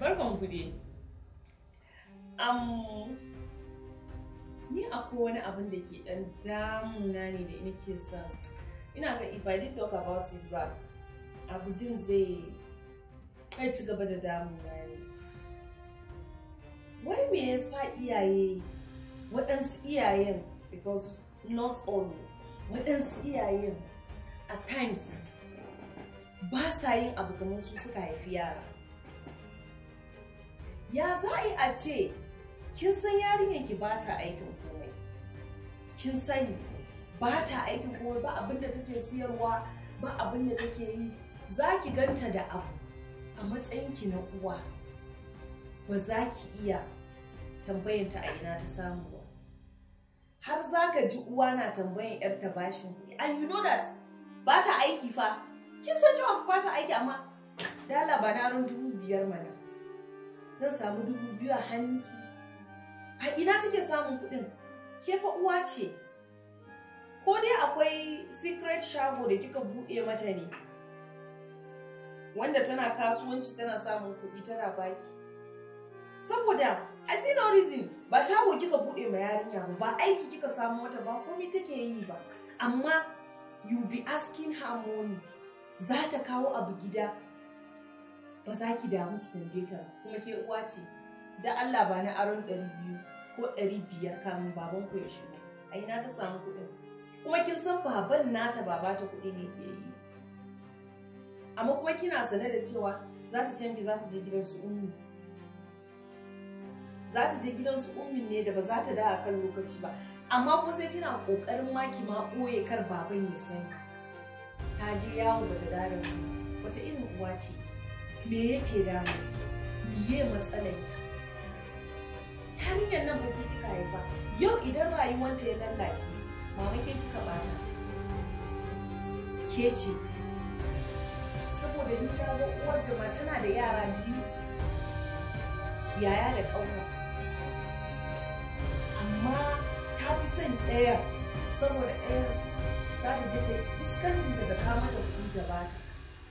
barkan ku dai ni akwai wani abin da ke dan damuna ne da ina ke son ina ga if I did talk about it ba abu din zai kai ci gaba da damuna ne wai me yasa iyaye waɗansu iyayen because not all waɗansu iyayen at times ba sa yin abu kamar su suka haifi yara ya za a yi a ce kin san yarinyar ki ba ta aikin komai kin sani ba ta aikin komai ba abin da take siyarwa ba abin da take yi za ki ganta da abu a matsayinki na uwa ba za ki iya tambayanta a ina ta samu ba har za ka ji uwa na tambayin yar ta bashin kuɗi and you know that ba ta aiki fa kin san cewa ba ta aiki amma dala ba na dubu biyar mana zan samu dubu biyu a hannunki a ina take samun kuɗin ke fa uwa ce ko dai akwai secret shago da kika buɗe mata ne wanda tana kasuwanci tana samun kuɗi tana baki saboda a no reason ba shago kika buɗe ma yarinya ba ba aiki kika samu mata ba komai take yi ba amma you be asking her money za ta kawo abu gida ba za ki damu ki tambaye ta kuma ke uwa ce da Allah ba na aron ɗari ko ɗari biyar kamin baban ku ya shuka ai na ta samu kuɗin kuma kin san baban nata baba ta kuɗi ne ke yi amma kuma kina sane da cewa za ta canji za ta je gidan su ummi za ta je gidan su ummi ne da ba za ta da kan lokaci ba amma kuma sai kina kokarin ma ki ma ɓoye kar baban ya sani ta je yawo bata dare wace irin uwa ce me yake damu miye matsalar yarinyar nan ba kika haifa yau idan rayuwanta ya lallace mama ke kika bata ke ce saboda ni na ga uwar da tana da yara biyu yaya da ƙauna amma ta fi son ɗaya saboda ɗaya za ta je ta iskancinta ta kama ta kuɗi gaba ta